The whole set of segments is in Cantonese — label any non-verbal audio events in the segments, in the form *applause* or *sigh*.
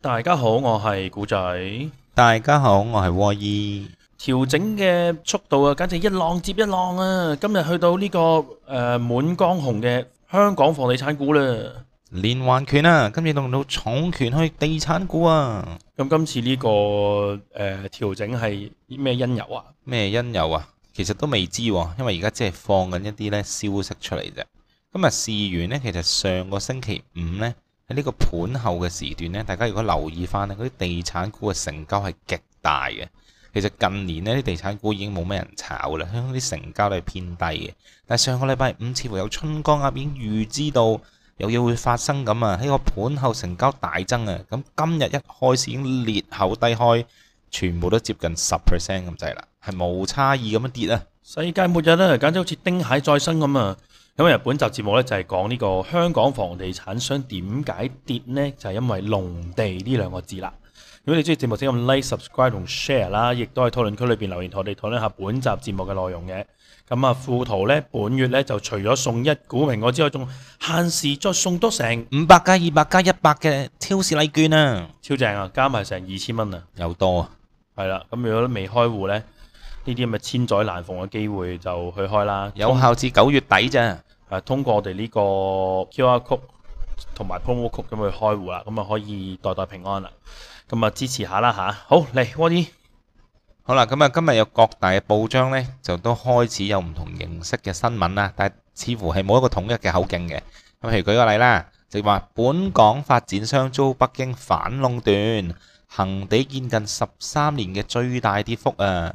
大家好，我係古仔。大家好，我係窩依。調整嘅速度啊，簡直一浪接一浪啊！今日去到呢、這個誒滿、呃、江紅嘅香港房地產股啦，連環拳啊！今次郁到重拳去地產股啊！咁、嗯、今次呢、這個誒調、呃、整係咩因由啊？咩因由啊？其實都未知喎、啊，因為而家即係放緊一啲咧消息出嚟啫。今日事緣呢，其實上個星期五呢。喺呢個盤後嘅時段咧，大家如果留意翻咧，啲地產股嘅成交係極大嘅。其實近年呢啲地產股已經冇咩人炒啦，香港啲成交都係偏低嘅。但係上個禮拜五，似乎有春江鴨啊，已經預知到有嘢會發生咁啊！喺個盤後成交大增啊！咁今日一開始已經裂口低開，全部都接近十 percent 咁滯啦，係冇差異咁樣跌啊！世界末日啦，簡直好似丁蟹再生咁啊！咁日本集節目咧就係講呢個香港房地產商點解跌呢就係、是、因為農地呢兩個字啦。如果你中意節目請，請咁 like、subscribe 同 share 啦，亦都喺討論區裏邊留言同我哋討論下本集節目嘅內容嘅。咁啊，富途呢，本月呢就除咗送一股蘋果之外，仲限時再送多成五百加二百加一百嘅超市禮券啊！超正啊，加埋成二千蚊啊！又多啊，係啦。咁如果未開戶呢。呢啲咁嘅千載難逢嘅機會就去開啦，有效至九月底啫。誒，通過我哋呢個 QR Code 同埋 Promo Code 咁去開戶啦，咁啊可以代代平安啦。咁啊支持下啦嚇。好嚟，我啲好啦。咁啊，今日有各大嘅報章呢，就都開始有唔同形式嘅新聞啦，但係似乎係冇一個統一嘅口徑嘅。咁譬如舉個例啦，就話本港發展商遭北京反壟斷，恆地見近十三年嘅最大跌幅啊！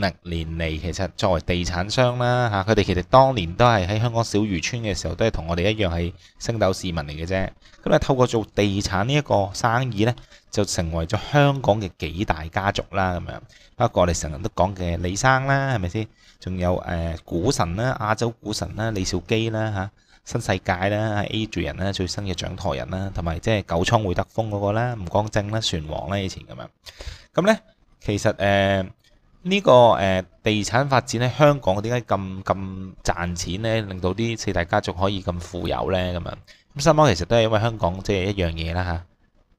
歷年嚟，其實作為地產商啦，嚇佢哋其實當年都係喺香港小漁村嘅時候，都係同我哋一樣係星斗市民嚟嘅啫。咁啊，透過做地產呢一個生意呢，就成為咗香港嘅幾大家族啦。咁樣包括我哋成日都講嘅李生啦，係咪先？仲有誒股神啦，亞洲股神啦，李兆基啦嚇新世界啦 Adrian 啦，Adrian, 最新嘅掌舵人啦，同埋即係九倉會德豐嗰個啦，吳光正啦，船王啦，以前咁樣咁呢，其實誒。呃呢個誒地產發展喺香港點解咁咁賺錢咧？令到啲四大家族可以咁富有咧？咁啊！咁三貓其實都係因為香港即係一樣嘢啦嚇，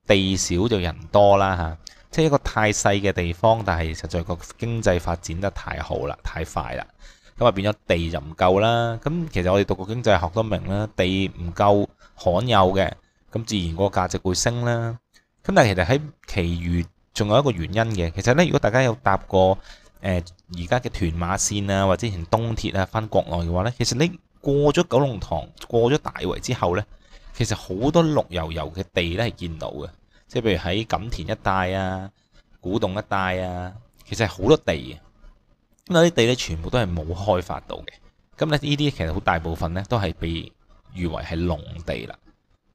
地少就人多啦嚇，即係一個太細嘅地方，但係實在個經濟發展得太好啦，太快啦，咁啊變咗地就唔夠啦。咁其實我哋讀過經濟學都明啦，地唔夠罕有嘅，咁自然個價值會升啦。咁但係其實喺其餘，仲有一個原因嘅，其實咧，如果大家有搭過誒而家嘅屯馬線啊，或者以前東鐵啊，翻國內嘅話咧，其實你過咗九龍塘、過咗大圍之後咧，其實好多綠油油嘅地咧係見到嘅，即係譬如喺錦田一帶啊、古洞一帶啊，其實好多地啊，咁嗰啲地咧全部都係冇開發到嘅，咁咧呢啲其實好大部分咧都係被譽為係農地啦，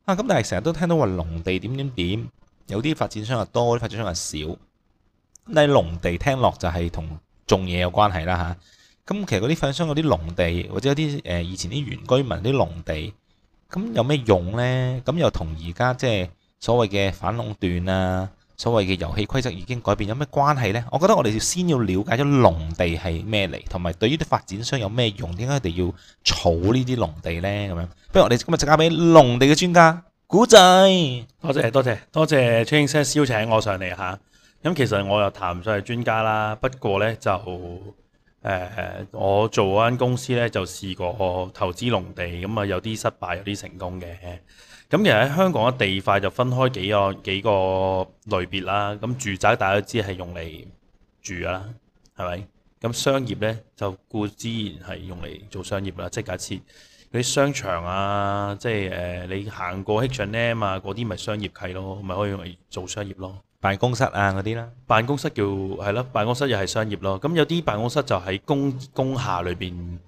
啊咁但係成日都聽到話農地點點點。有啲發展商又多，有啲發展商又少。但係農地聽落就係同種嘢有關係啦。咁其實嗰啲發展商嗰啲農地，或者有啲、呃、以前啲原居民啲農地，咁有咩用呢？咁又同而家即係所謂嘅反壟斷啊，所謂嘅遊戲規則已經改變，有咩關係呢？我覺得我哋要先要了解咗農地係咩嚟，同埋對於啲發展商有咩用，點解佢哋要儲呢啲農地呢？咁樣不如我哋今日就交俾農地嘅專家。古仔，多謝多謝多謝清 Sir 邀請我上嚟吓，咁、啊、其實我又談唔上係專家啦，不過呢，就誒、呃，我做嗰間公司呢，就試過投資農地，咁、嗯、啊有啲失敗，有啲成功嘅。咁、嗯、其實喺香港嘅地塊就分開幾個幾個類別啦。咁、啊、住宅大家都知係用嚟住噶啦，係咪？咁、啊、商業呢，就固之然係用嚟做商業啦，即係假設。你啲商場啊，即係誒你行過 H&M 啊，嗰啲咪商業契咯，咪可以用嚟做商業咯、啊。辦公室啊嗰啲啦，辦公室叫係啦辦公室又係商業咯。咁有啲辦公室就喺工工廈裏面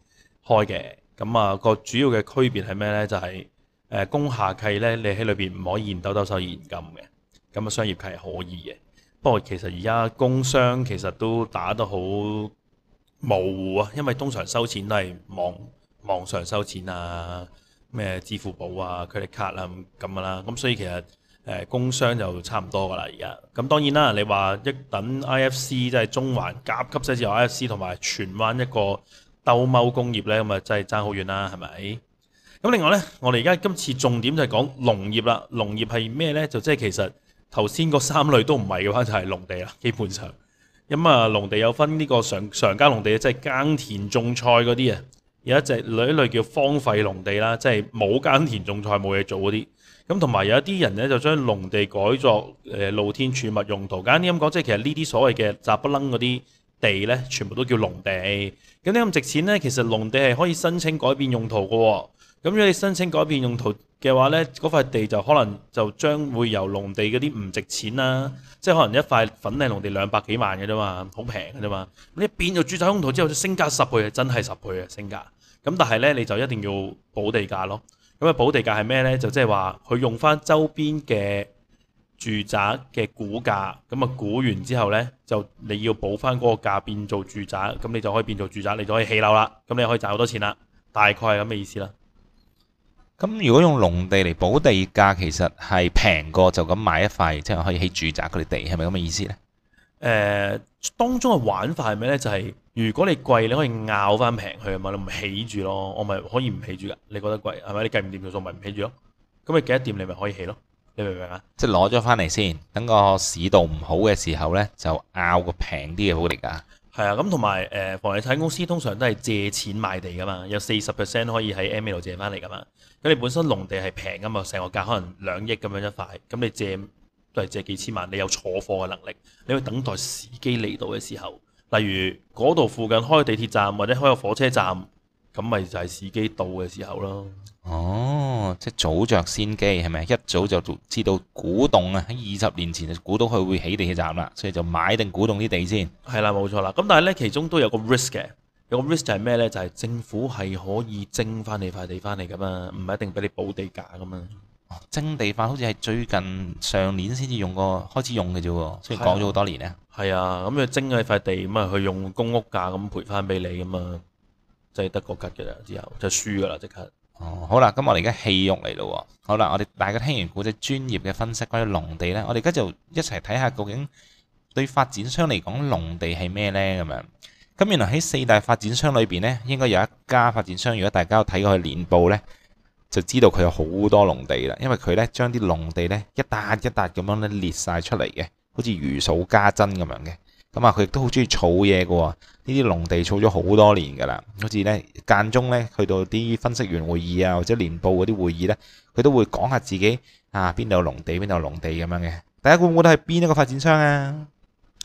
開嘅，咁啊個主要嘅區別係咩呢？就係誒工廈契呢，你喺裏面唔可以現兜兜收現金嘅，咁啊商業契係可以嘅。不過其實而家工商其實都打得好模糊啊，因為通常收錢都係網。網上收錢啊，咩支付寶啊、credit card 等等啊咁咁啦。咁所以其實誒、呃、工商就差唔多噶啦。而家咁當然啦，你話一等 I F C 即係中環甲級寫字樓 I F C 同埋荃灣一個兜踎工業咧，咁啊真係爭好遠啦，係咪？咁另外咧，我哋而家今次重點就係講農業啦。農業係咩咧？就即係其實頭先嗰三類都唔係嘅話，就係、是、農地啦，基本上。咁啊，農地有分呢個常，常耕農地即係、就是、耕田種菜嗰啲啊。有一隻類一類叫荒廢農地啦，即係冇耕田種菜冇嘢做嗰啲，咁同埋有一啲人咧就將農地改作露天儲物用途。簡單啲咁講，即係其實呢啲所謂嘅雜不楞嗰啲地咧，全部都叫農地。咁點解咁值錢咧？其實農地係可以申請改變用途嘅。咁如果你申請改變用途，嘅話呢，嗰塊地就可能就將會由農地嗰啲唔值錢啦，即係可能一塊粉嶺農地兩百幾萬嘅啫嘛，好平嘅啫嘛。你變咗住宅用途之後，升價十倍真係十倍嘅升價。咁但係呢，你就一定要補地價咯。咁啊，補地價係咩呢？就即係話佢用翻周邊嘅住宅嘅估價，咁啊估完之後呢，就你要補翻嗰個價變做住宅，咁你就可以變做住宅，你就可以起樓啦。咁你可以賺好多錢啦。大概係咁嘅意思啦。咁如果用農地嚟補地價，其實係平過就咁買一塊，即、就、係、是、可以起住宅佢啲地，係咪咁嘅意思呢？誒、呃，當中嘅玩法係咩呢？就係、是、如果你貴，你可以拗翻平去啊嘛，你唔起住咯，我咪可以唔起住噶？你覺得貴係咪？你計唔掂條數咪唔起住咯？咁你計得掂，你咪可以起咯，你明唔明啊？即係攞咗翻嚟先，等個市道唔好嘅時候呢，就拗個平啲嘅補地價㗎。係啊，咁同埋誒房地產公司通常都係借錢買地噶嘛，有四十 percent 可以喺 ML 借翻嚟噶嘛。咁你本身農地係平噶嘛，成個價可能兩億咁樣一塊，咁你借都係借幾千萬，你有坐貨嘅能力，你會等待時機嚟到嘅時候，例如嗰度附近開個地鐵站或者開個火車站。咁咪就係時機到嘅時候咯。哦，即係早着先機係咪？一早就知道古洞啊，喺二十年前就估到佢會起地鐵站啦，所以就買定古洞啲地先。係啦，冇錯啦。咁但係呢，其中都有個 risk 嘅，有個 risk 就係咩呢？就係、是、政府係可以徵翻你塊地翻嚟噶嘛，唔係一定俾你補地價噶嘛。徵、哦、地翻好似係最近上年先至用過，開始用嘅啫喎，所以講咗好多年呢係啊，咁佢徵咗你塊地，咁啊佢用公屋價咁賠翻俾你噶嘛。就係得個吉嘅啦，之後就輸㗎啦，即刻。哦，好啦，咁我哋而家戲肉嚟咯。好啦，我哋大家聽完古仔專業嘅分析關於農地咧，我哋而家就一齊睇下究竟對發展商嚟講農地係咩呢？咁樣。咁原來喺四大發展商裏面呢，應該有一家發展商，如果大家有睇過佢年報呢，就知道佢有好多農地啦。因為佢呢將啲農地呢一笪一笪咁樣咧列晒出嚟嘅，好似如數家珍咁樣嘅。咁啊，佢亦都好中意儲嘢喎。呢啲農地儲咗好多年噶啦。好似咧間中咧去到啲分析員會議啊，或者年報嗰啲會議咧，佢都會講下自己啊邊度有農地，邊度有農地咁樣嘅。大家估唔估到係邊一個發展商啊？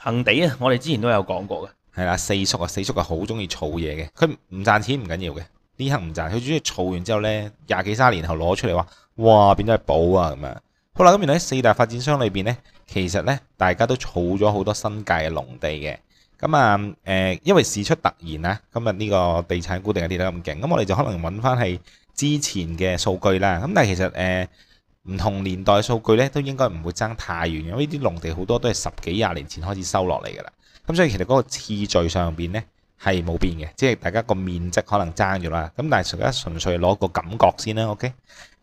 恆地啊，我哋之前都有講過嘅。係啦，四叔啊，四叔係好中意儲嘢嘅，佢唔賺錢唔緊要嘅，呢行唔賺，佢鍾意儲完之後咧，廿幾三十年後攞出嚟話，哇變咗係寶啊咁啊。好啦，咁原來喺四大發展商裏邊咧。其實咧，大家都儲咗好多新界嘅農地嘅，咁啊，誒、呃，因為事出突然啦，今日呢個地產股突然跌得咁勁，咁我哋就可能搵翻係之前嘅數據啦。咁但係其實誒，唔、呃、同年代嘅數據咧，都應該唔會爭太遠，因為啲農地好多都係十幾廿年前開始收落嚟噶啦。咁所以其實嗰個次序上面咧係冇變嘅，即係大家個面積可能爭咗啦。咁但係大家純粹攞個感覺先啦，OK？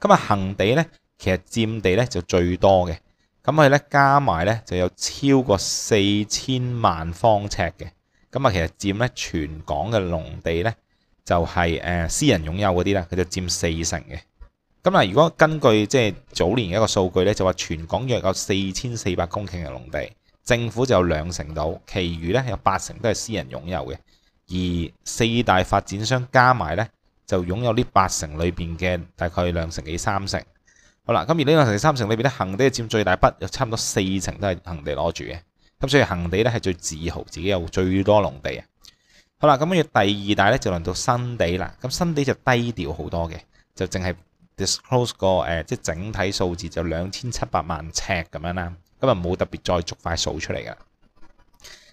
咁啊，恆地咧，其實佔地咧就最多嘅。咁佢咧加埋咧就有超過四千萬方尺嘅，咁啊，其實佔咧全港嘅農地咧就係誒私人擁有嗰啲啦，佢就佔四成嘅。咁啊，如果根據即係早年一個數據咧，就話全港約有四千四百公頃嘅農地，政府就有兩成到，其餘咧有八成都係私人擁有嘅。而四大發展商加埋咧就擁有呢八成裏邊嘅大概兩成幾三成。好啦，咁而呢個成三成裏邊咧，恆地佔最大筆，有差唔多四成都係恆地攞住嘅。咁所以恆地咧係最自豪，自己有最多農地啊。好啦，咁跟住第二大咧就輪到新地啦。咁新地就低調好多嘅，就淨係 disclose 個即係、呃、整體數字就兩千七百萬尺咁樣啦。咁啊冇特別再逐塊數出嚟噶。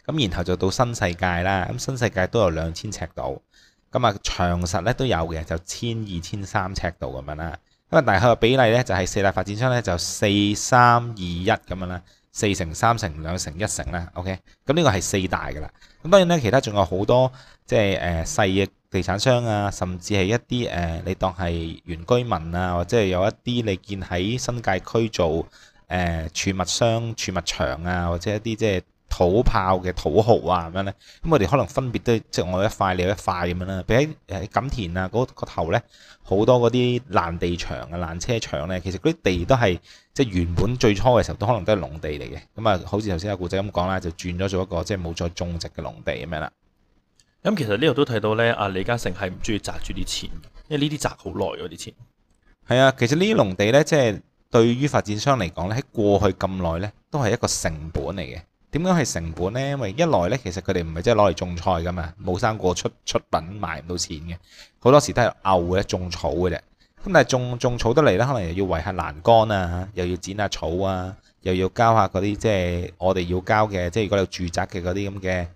咁然後就到新世界啦。咁新世界都有兩千尺度，咁啊長實咧都有嘅，就千二千三尺度咁樣啦。咁啊，但係佢嘅比例咧就係四大發展商咧就四三二一咁樣啦，四成三成兩成一成啦，OK，咁呢個係四大噶啦。咁當然咧，其他仲有好多即係誒細嘅地產商啊，甚至係一啲誒、呃、你當係原居民啊，或者係有一啲你見喺新界區做誒儲、呃、物商、儲物場啊，或者一啲即係。土炮嘅土豪啊，咁樣咧，咁我哋可能分別都即係、就是、我一塊，你一塊咁樣啦。比起喺錦田啊，嗰、那個頭咧好多嗰啲爛地場啊、爛車場咧，其實嗰啲地都係即係原本最初嘅時候都可能都係農地嚟嘅。咁啊，好似頭先阿古仔咁講啦，就轉咗做一個即係冇再種植嘅農地咁樣啦。咁其實呢度都睇到咧，啊李嘉誠係唔鍾意揸住啲錢，因為呢啲揸好耐嗰啲錢係啊。其實呢啲農地咧，即、就、係、是、對於發展商嚟講咧，喺過去咁耐咧都係一個成本嚟嘅。點樣係成本呢？因為一來呢，其實佢哋唔係即係攞嚟種菜㗎嘛，冇生果出出品賣唔到錢嘅。好多時都係牛嘅種草嘅啫。咁但係種種草得嚟呢，可能又要圍下欄杆啊，又要剪下草啊，又要交下嗰啲即係我哋要交嘅，即係如果你有住宅嘅嗰啲咁嘅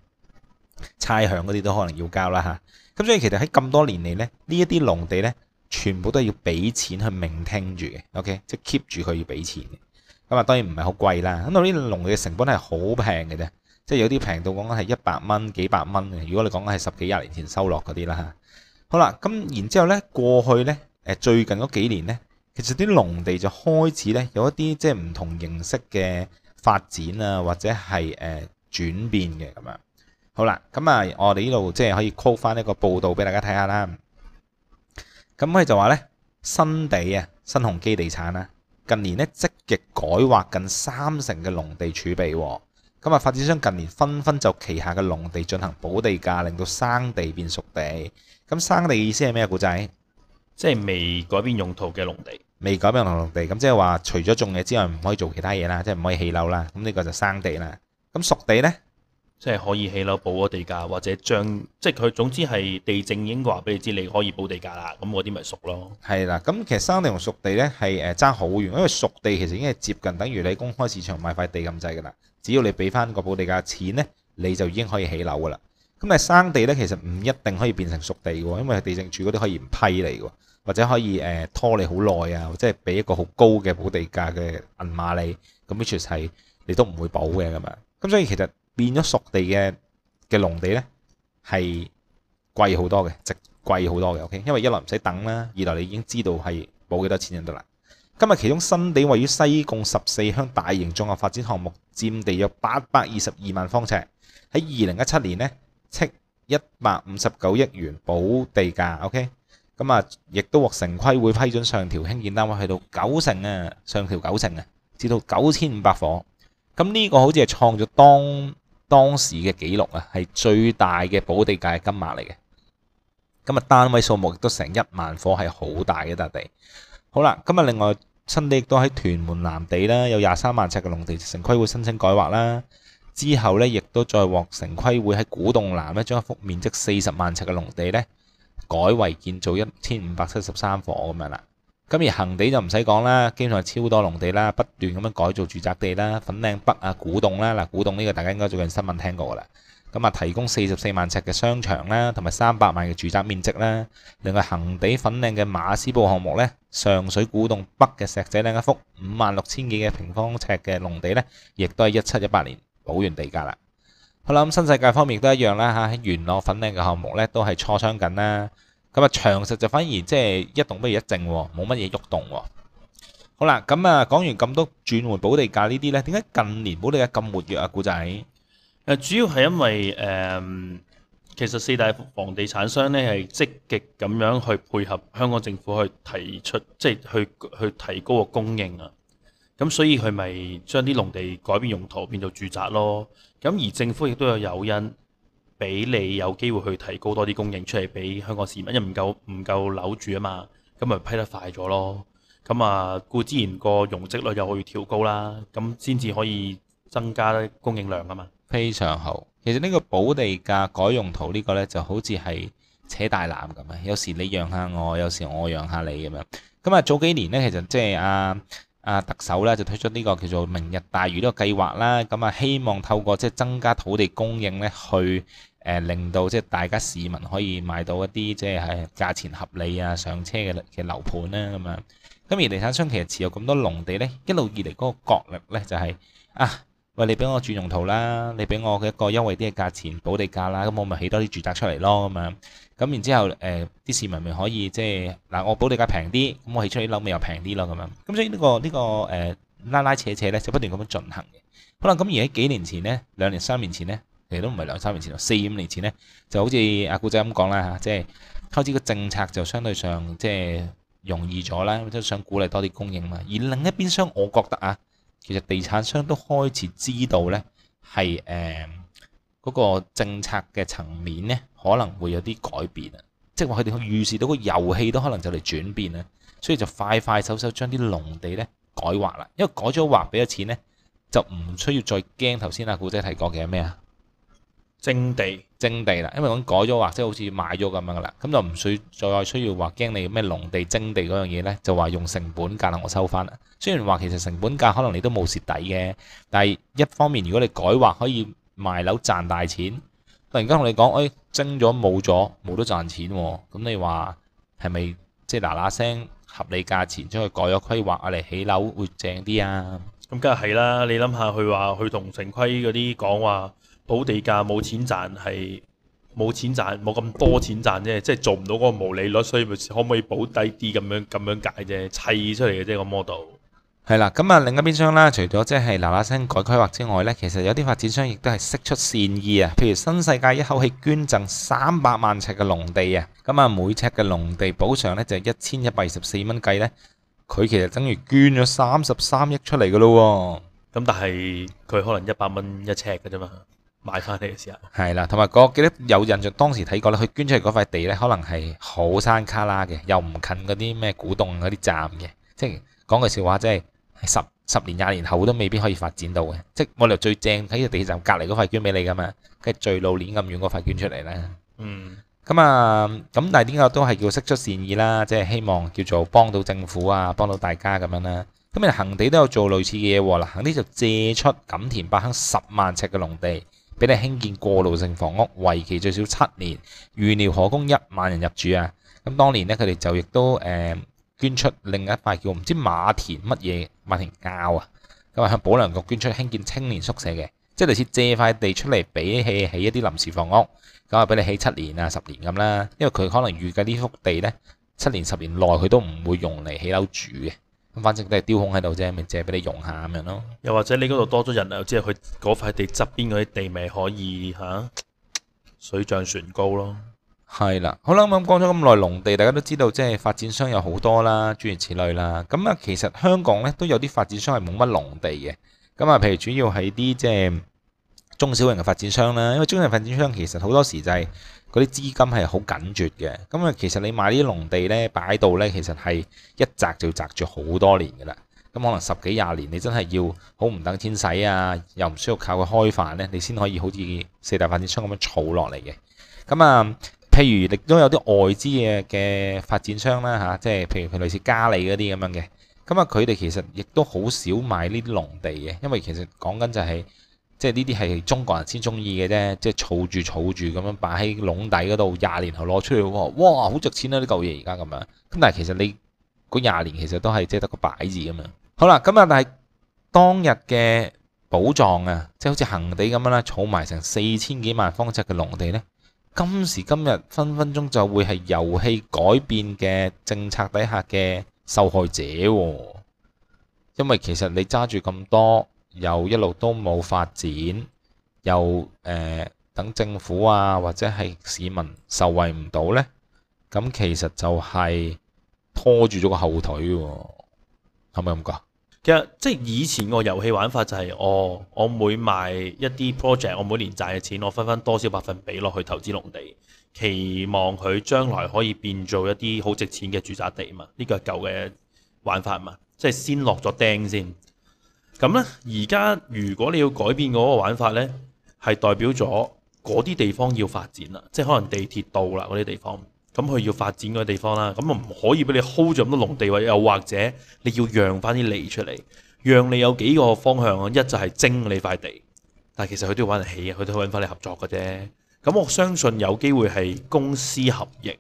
差餉嗰啲都可能要交啦吓咁，啊，所以其實喺咁多年嚟呢，呢一啲農地呢，全部都係要俾錢去命聽住嘅。OK，即係 keep 住佢要俾錢。咁啊，當然唔係好貴啦。咁我啲農地嘅成本係好平嘅啫，即係有啲平到講緊係一百蚊、幾百蚊嘅。如果你講緊係十幾廿年前收落嗰啲啦，吓，好啦，咁然之後咧，過去咧，誒最近嗰幾年咧，其實啲農地就開始咧有一啲即係唔同形式嘅發展啊，或者係誒轉變嘅咁樣好啦，咁啊，我哋呢度即係可以 call 翻一個報導俾大家睇下啦。咁佢就話咧，新地啊，新鴻基地產啦。近年咧積極改劃近三成嘅農地儲備，今日發展商近年紛紛就旗下嘅農地進行補地價，令到生地變熟地。咁生地嘅意思係咩啊？古仔，即係未改變用途嘅農地，未改變用途嘅農地，咁即係話除咗種嘢之外唔可以做其他嘢啦，即係唔可以起樓啦。咁呢個就生地啦。咁熟地咧？即係可以起樓補嗰地價，或者將即係佢總之係地政已經話俾你知你可以補地價啦。咁嗰啲咪熟咯，係啦。咁其實生地同熟地呢，係誒爭好遠，因為熟地其實已經係接近等於你公開市場買塊地咁滯㗎啦。只要你俾翻個補地價錢呢，你就已經可以起樓㗎啦。咁但係生地呢，其實唔一定可以變成熟地喎，因為地政處嗰啲可以唔批你喎，或者可以、呃、拖你好耐啊，或者俾一個好高嘅補地價嘅銀碼你。咁，which 係你都唔會補嘅咁樣。咁所以其實。變咗熟地嘅嘅農地呢，係貴好多嘅，值貴好多嘅，OK。因為一來唔使等啦，二來你已經知道係補幾多錢就得啦。今日其中新地位於西貢十四鄉大型綜合發展項目，佔地約八百二十二萬方尺。喺二零一七年呢，斥一百五十九億元補地價，OK。咁啊，亦都獲城規會批准上調興建單位去到九成啊，上調九成啊，至到九千五百伙。咁呢個好似係創咗當當時嘅記錄啊，係最大嘅保地界金額嚟嘅。今日單位數目亦都成一萬夥，係好大嘅笪地。好啦，今日另外新地亦都喺屯門南地啦，有廿三萬尺嘅農地城規會申請改劃啦。之後咧，亦都再獲城規會喺古洞南咧，將一幅面積四十萬尺嘅農地咧，改為建造一千五百七十三夥咁樣啦。咁而恒地就唔使講啦，基本上超多農地啦，不斷咁樣改造住宅地啦。粉嶺北啊，古洞啦，嗱，古洞呢個大家應該最近新聞聽過㗎啦。咁啊，提供四十四萬尺嘅商場啦，同埋三百萬嘅住宅面積啦。另外，恒地粉嶺嘅馬斯布項目咧，上水古洞北嘅石仔嶺一幅五萬六千幾嘅平方尺嘅農地咧，亦都係一七一八年保原地價啦。好啦，咁新世界方面亦都一樣啦吓。喺元朗粉嶺嘅項目咧都係磋商緊啦。咁啊，長實就反而即係一動不如一靜喎，冇乜嘢喐動喎。好啦，咁啊講完咁多轉換補地價呢啲呢，點解近年補地價咁活躍啊？古仔主要係因為誒、嗯，其實四大房地產商呢，係積極咁樣去配合香港政府去提出，即係去去提高個供應啊。咁所以佢咪將啲農地改變用途變做住宅咯。咁而政府亦都有有誘因。俾你有機會去提高多啲供應出嚟俾香港市民夠，因唔夠唔夠樓住啊嘛，咁咪批得快咗咯。咁啊，固然個容積率又可以調高啦，咁先至可以增加供應量啊嘛。非常好。其實呢個保地價改用途呢個呢，就好似係扯大纜咁嘅。有時你讓下我，有時我讓下你咁樣。咁啊，早幾年呢，其實即係阿特首呢，就推出呢個叫做明日大嶼呢個計劃啦。咁啊，希望透過即係增加土地供應呢去。誒令到即係大家市民可以買到一啲即係價錢合理啊上車嘅嘅樓盤啦咁樣，咁而地產商其實持有咁多農地咧，一路以嚟嗰個角力咧就係、是、啊，喂你俾我轉用途啦，你俾我嘅一個優惠啲嘅價錢，補地價啦，咁我咪起多啲住宅出嚟咯咁樣，咁然之後誒啲、呃、市民咪可以即係嗱我補地價平啲，咁我起出嚟啲樓咪又平啲咯咁樣，咁所以呢、呢個呢、呢個呃、拉拉扯扯咧就不斷咁樣進行嘅。可能咁而喺幾年前咧，兩年三年前咧。其實都唔係兩三年前，四五年前呢，就好似阿古仔咁講啦，嚇即係開始個政策就相對上即係、就是、容易咗啦，即係想鼓勵多啲供應嘛。而另一邊廂，我覺得啊，其實地產商都開始知道呢係誒嗰個政策嘅層面呢可能會有啲改變啊，即係話佢哋預示到個遊戲都可能就嚟轉變啦，所以就快快手手將啲農地呢改劃啦，因為改咗劃，俾咗錢呢，就唔需要再驚頭先阿古仔提過嘅咩啊？徵地徵地啦，因為我改咗畫，即係好似買咗咁樣噶啦，咁就唔需再需要話驚你咩農地徵地嗰樣嘢呢，就話用成本價嚟我收翻啦。雖然話其實成本價可能你都冇蝕底嘅，但係一方面如果你改畫可以賣樓賺大錢，突然間同你講，哎徵咗冇咗，冇得賺錢喎，哦，咁你話係咪即係嗱嗱聲合理價錢將佢改咗規劃啊嚟起樓會正啲啊？咁梗係啦，你諗下佢話佢同城規嗰啲講話，補地價冇錢賺，係冇錢賺，冇咁多錢賺啫。即係做唔到嗰個毛利率，所以咪可唔可以補低啲咁樣咁樣解啫？砌出嚟嘅啫個 model 係啦。咁啊，另一邊廂啦，除咗即係嗱嗱聲改規劃之外呢，其實有啲發展商亦都係釋出善意啊。譬如新世界一口氣捐贈三百萬尺嘅農地啊，咁啊，每尺嘅農地補償呢，就一千一百二十四蚊計呢。佢其實等於捐咗三十三億出嚟嘅咯。咁但係佢可能100元一百蚊一尺嘅啫嘛。買翻嚟嘅時候，係啦，同埋嗰，記得有印象，當時睇過啦。佢捐出嚟嗰塊地咧，可能係好山卡拉嘅，又唔近嗰啲咩古洞嗰啲站嘅。即係講句笑話，即係十十年、廿年後都未必可以發展到嘅。即係我哋最正喺個地鐵站隔離嗰塊捐俾你噶嘛，跟住最老年咁遠嗰塊捐出嚟呢。嗯。咁啊，咁但係點解都係叫釋出善意啦？即係希望叫做幫到政府啊，幫到大家咁樣啦、啊。咁恆地都有做類似嘅嘢喎嗱，恆地就借出錦田八鄉十萬尺嘅農地。俾你興建過渡性房屋，為期最少七年，預料可供一萬人入住啊！咁當年咧，佢哋就亦都誒、呃、捐出另一塊叫唔知馬田乜嘢馬田教啊，咁、就、啊、是、向保良局捐出興建青年宿舍嘅，即係類似借塊地出嚟俾起起一啲臨時房屋，咁啊俾你起七年啊十年咁啦，因為佢可能預計呢幅地咧七年十年內佢都唔會用嚟起樓住嘅。咁反正都係丟空喺度啫，咪借俾你用下咁樣咯。又或者你嗰度多咗人流、即係、啊，即係佢嗰塊地側邊嗰啲地咪可以吓水漲船高咯。係啦，好啦，咁講咗咁耐農地，大家都知道即係發展商有好多啦，諸如此類啦。咁啊，其實香港咧都有啲發展商係冇乜農地嘅。咁啊，譬如主要係啲即係。中小型嘅發展商啦，因為中小型發展商其實好多時就係嗰啲資金係好緊絀嘅，咁啊，其實你買啲農地咧擺到咧，其實係一擲就擲住好多年噶啦，咁可能十幾廿年，你真係要好唔等錢使啊，又唔需要靠佢開飯咧，你先可以好似四大發展商咁樣儲落嚟嘅。咁啊，譬如亦都有啲外資嘅嘅發展商啦吓，啊，即係譬如佢類似嘉里嗰啲咁樣嘅，咁啊，佢哋其實亦都好少買呢啲農地嘅，因為其實講緊就係。即係呢啲係中國人先中意嘅啫，即係儲住儲住咁樣擺喺籠底嗰度，廿年後攞出去。哇，好值錢啊，呢嚿嘢而家咁樣。咁但係其實你嗰廿年其實都係即係得個擺字咁樣。好啦，咁啊，但係當日嘅寶藏啊，即係好似恆地咁樣啦，儲埋成四千幾萬方尺嘅農地呢，今時今日分分鐘就會係遊戲改變嘅政策底下嘅受害者喎。因為其實你揸住咁多。又一路都冇發展，又誒、呃、等政府啊或者係市民受惠唔到呢。咁其實就係拖住咗個後腿喎、啊，係咪咁講？其實即係以前個遊戲玩法就係、是，哦，我每賣一啲 project，我每年賺嘅錢，我分分多少百分比落去投資農地，期望佢將來可以變做一啲好值錢嘅住宅地嘛？呢、這個係舊嘅玩法嘛，即係先落咗釘先。咁呢，而家如果你要改變嗰個玩法呢，係代表咗嗰啲地方要發展啦，即係可能地鐵到啦嗰啲地方，咁佢要發展嗰啲地方啦，咁啊唔可以俾你 hold 咗咁多農地位，又或者你要讓翻啲利出嚟，讓你有幾個方向，一就係徵你塊地，但其實佢都要揾得起啊，佢都要揾翻你合作嘅啫。咁我相信有機會係公私合營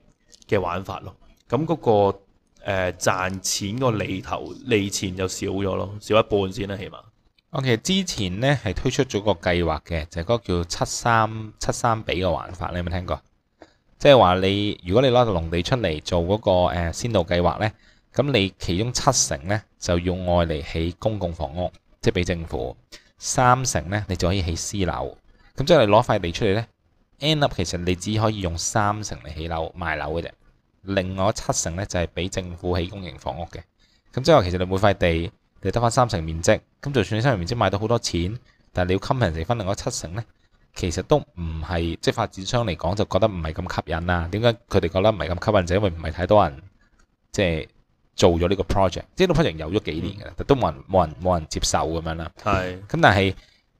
嘅玩法咯。咁嗰、嗰個。誒、呃、賺錢個利頭利錢就少咗咯，少一半先啦、啊，起碼。OK，之前咧係推出咗個計劃嘅，就係、是、嗰個叫七三七三比嘅玩法，你有冇聽過？即係話你如果你攞個農地出嚟做嗰、那個、呃、先導計劃咧，咁你其中七成咧就用外嚟起公共房屋，即係俾政府；三成咧你就可以起私樓。咁即係你攞塊地出嚟咧，end up 其實你只可以用三成嚟起樓賣樓嘅啫。另外七成咧就係、是、俾政府起公營房屋嘅，咁即係其實你每塊地你得翻三成面積，咁就算你三成面積買到好多錢，但你要給人哋分另外七成咧，其實都唔係即係發展商嚟講就覺得唔係咁吸引啦、啊。點解佢哋覺得唔係咁吸引？就是、因為唔係太多人即係、就是、做咗呢個 project，即係、這、都、個、忽然有咗幾年噶啦，嗯、但都冇人冇人冇人接受咁樣啦。咁是但係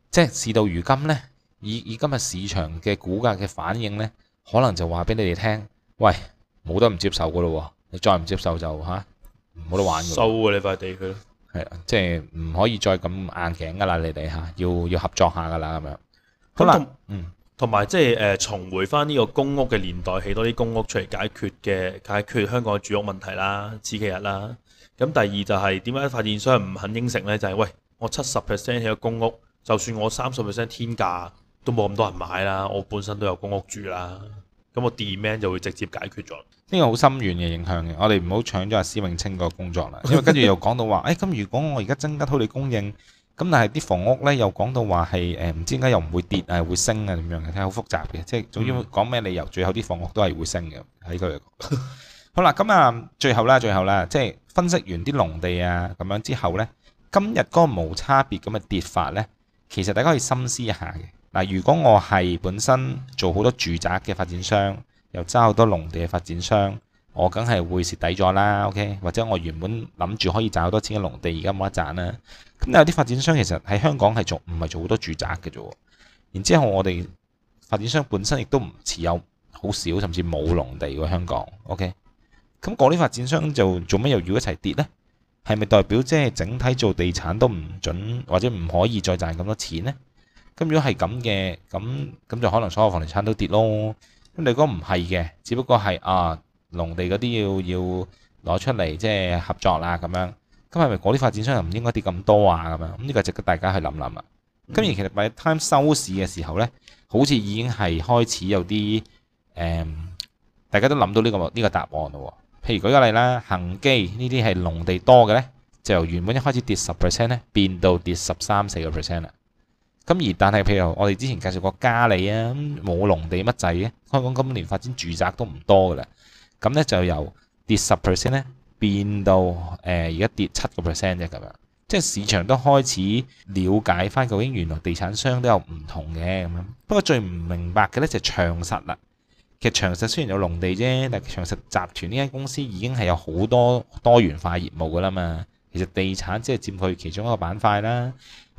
即係事到如今咧，以以今日市場嘅股價嘅反應咧，可能就話俾你哋聽，喂！冇得唔接受噶咯，你再唔接受就吓冇得玩嘅，收你塊地佢咯，係啊，即係唔可以再咁硬頸噶啦，你哋吓要要合作下噶啦咁樣。好啦和，嗯，同埋即係誒，重回翻呢個公屋嘅年代，起多啲公屋出嚟解決嘅解決香港嘅住屋問題啦，此其一啦。咁第二就係點解發展商唔肯應承咧？就係、是、喂，我七十 percent 起個公屋，就算我三十 percent 天價都冇咁多人買啦，我本身都有公屋住啦。咁個 demand 就會直接解決咗，呢個好深遠嘅影響嘅。我哋唔好搶咗阿施永青個工作啦，因為跟住又講到話，誒咁、 *laughs* 哎、如果我而家增加土地供應，咁但係啲房屋咧又講到話係唔知點解又唔會跌啊，會升啊點樣嘅，睇下好複雜嘅，即係總之講咩理由，嗯、最後啲房屋都係會升嘅喺度。 *laughs* 好啦，咁、嗯、啊最後啦，最後啦，即係分析完啲農地啊咁樣之後咧，今日嗰個無差別咁嘅跌法咧，其實大家可以深思一下嘅。嗱，如果我係本身做好多住宅嘅發展商，又揸好多農地嘅發展商，我梗係會蝕底咗啦，OK？或者我原本諗住可以賺好多錢嘅農地，而家冇得賺啦。咁有啲發展商其實喺香港係做唔係做好多住宅嘅啫，然之後我哋發展商本身亦都唔持有好少甚至冇農地喎，香港，OK？咁嗰啲發展商就做咩又要一齊跌呢？係咪代表即係整體做地產都唔準或者唔可以再賺咁多錢呢？咁如果係咁嘅，咁咁就可能所有房地產都跌咯。咁你講唔係嘅，只不過係啊，農地嗰啲要要攞出嚟即係合作啦咁樣。咁係咪嗰啲發展商又唔應該跌咁多啊？咁樣咁呢個值得大家去諗諗啦。咁而、嗯、其實咪 time 收市嘅時候呢，好似已經係開始有啲誒、嗯，大家都諗到呢、呢個呢、呢個答案咯。譬如舉個例啦，恒基呢啲係農地多嘅呢，就由原本一開始跌十 percent 咧，變到跌十三四個 percent 啦。咁而但係，譬如我哋之前介紹過嘉里啊，冇農地乜滯嘅，香港今年發展住宅都唔多噶啦。咁咧就由跌十 percent 咧變到誒、呃、而家跌七個 percent 啫咁樣，即係市場都開始了解翻究竟原來地產商都有唔同嘅，咁樣。不過最唔明白嘅咧就長實啦。其實長實雖然有農地啫，但長實集團呢間公司已經係有好多多元化業務噶啦嘛。其實地產只係佔佢其中一個板塊啦。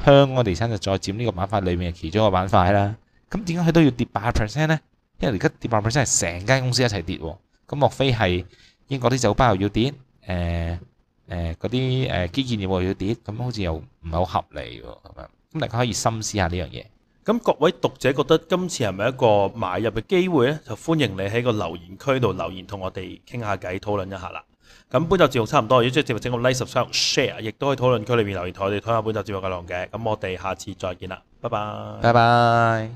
香港地產就再佔呢個板塊裏面嘅其中一個板塊啦。咁點解佢都要跌八 percent 咧？因為而家跌八 percent 係成間公司一齊跌喎。咁莫非係英國啲酒吧又要跌？誒誒嗰啲誒基建業又要跌？咁好似又唔係好合理喎。咁大家可以深思下呢樣嘢。咁各位讀者覺得今次係咪一個買入嘅機會咧？就歡迎你喺個留言區度留言，同我哋傾下偈，討論一下啦。咁本集節目差唔多，如果即係節目整個 like、share，亦都可以討論區裏面留言同我哋睇下本集節目嘅內容嘅。咁我哋下次再見啦，拜拜，拜拜。